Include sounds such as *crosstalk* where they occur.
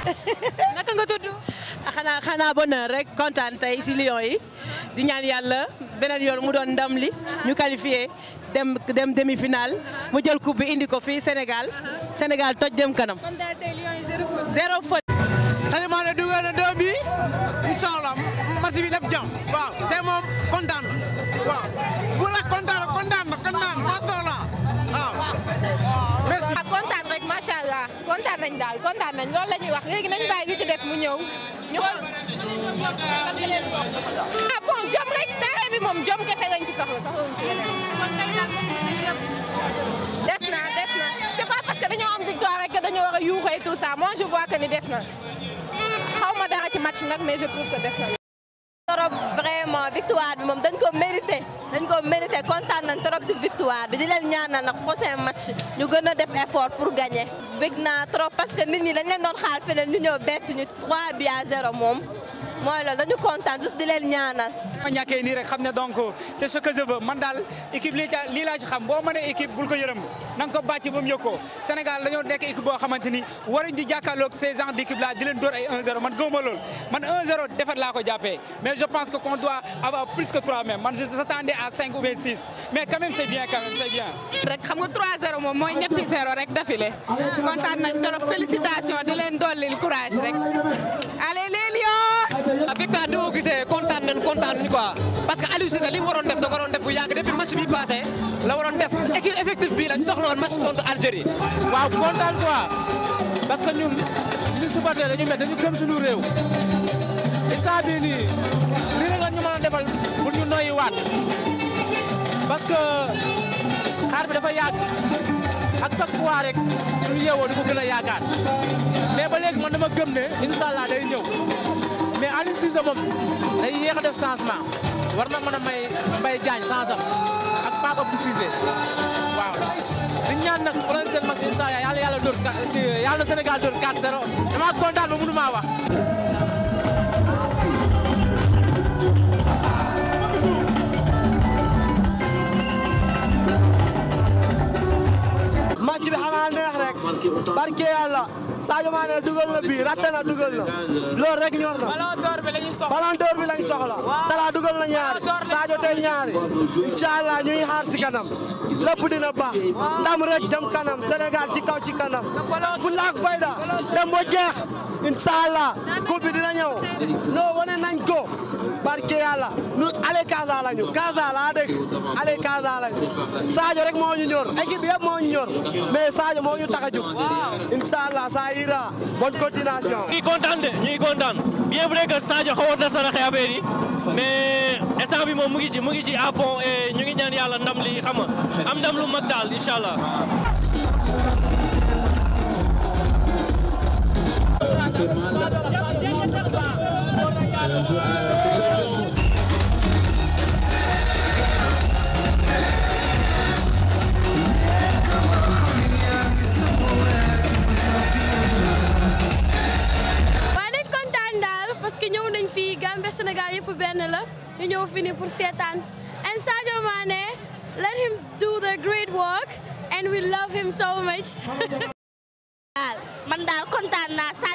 *laughs* naka nga tudd. Ah, xanaa xanaa bonheur rek kontaan tey si Lions yi di ñaan yàlla beneen yoon mu doon ndam li ñu qualifié dem dem demi finale mu jël coupe bi indi ko fii Sénégal Sénégal toj dem kanam. kon daal tey Lions yi zéro faute. zéro faute. na deux bi incha allah match bi lépp jàmm waaw te moom kontaan waaw. kontaan nañ daal kontaan nañ loolu la wax léegi nañ bàyyi li ci mu ñëw ñu xool ah bon jom rek terrain bi moom jom kese lañ ci soxla soxla wuñ ci des na des na c'est pas parce que dañoo am victoire rek que dañoo war a yuuxee tout ça moi je vois ni des na xaw ma dara ci match nag mais je trouve que des na victoire bi moom dañ ko mérité dañ ko mérité kontaan nañ trop si victoire bi di leen na ñaanal nag prochain match ñu gën a def effort pour gagner. bëgg naa trop parce que nit ñi dañ leen doon xaar feneen ñu ñëw bett ñu 3 bi à 0 moom. mooy loolu dañu kontaan juste di leen ñaanal. ma ñàkkee nii rek xam ne donc c' est je veux man daal équipe lii xam boo mënee équipe bul ko yërëm ko bàcc ba mu Sénégal dañoo nekk équipe boo xamante ni waruñ di jàkkaarloog ces gens d' équipe là di leen ay 1-0 man gëwuma loolu man 1-0 défaite laa ko jàppee mais je pense que qu'on doit plus que 3 même man je s' attendais ou bien 6 mais quand même c' bien quand même c' est Cissé li mu waroon def da ko def bu yàgg depuis match bi passé la waroon def équipe effectif bi la ñu soxla woon match contre Algérie. waaw kontaan quoi parce que ñun li ñu supporté dañu met dañu lii rek la ñu mën a defal pour ñu noyyi waat parce que xaar bi dafa yàgg ak chaque fois rek suñu yeewoo di ko gën a yaakaar mais ba léegi man dama gëm ne incha day ñëw mais Aliou Cissé moom day yéex def changement. war na mën a may Mbaye Diagne sansam ak Pape Abdou Cissé waaw di ñaan nag bu leen seen match incha na Sénégal dóor 4-0 damaa kontaan ba mënu maa wax. match bi neex rek barke yàlla. Sadio Mané dugal na bii raté dugal na loolu rek ñor na. ballon d'or bi lañu soxla ballon dugal na ñaari Sadio tey ñaari. incha allah ñuy xaar si kanam lépp dina baax ndam rek dem kanam Sénégal ci kaw ci kanam bu laak fayda dem ba jeex incha dina ñëw non wane nañ ko. barke yàlla ñu ale Casa la ñu Casa rek moo ñu ñor équipe yëpp moo ñu ñor mais moo ñu tax a jóg incha allah ça ira bonne continuation. ñu ngi bien vrai que Sadio xawoon na saraxe affaire yi mais instant bi moom mu ngi ci mu ngi ci à fond et ñu ngi yàlla ndam li xam am ndam lu mag daal benn la ñu ñëw fini pour seetaan and Sadio Mané let him do the great work and we love him so much. *laughs*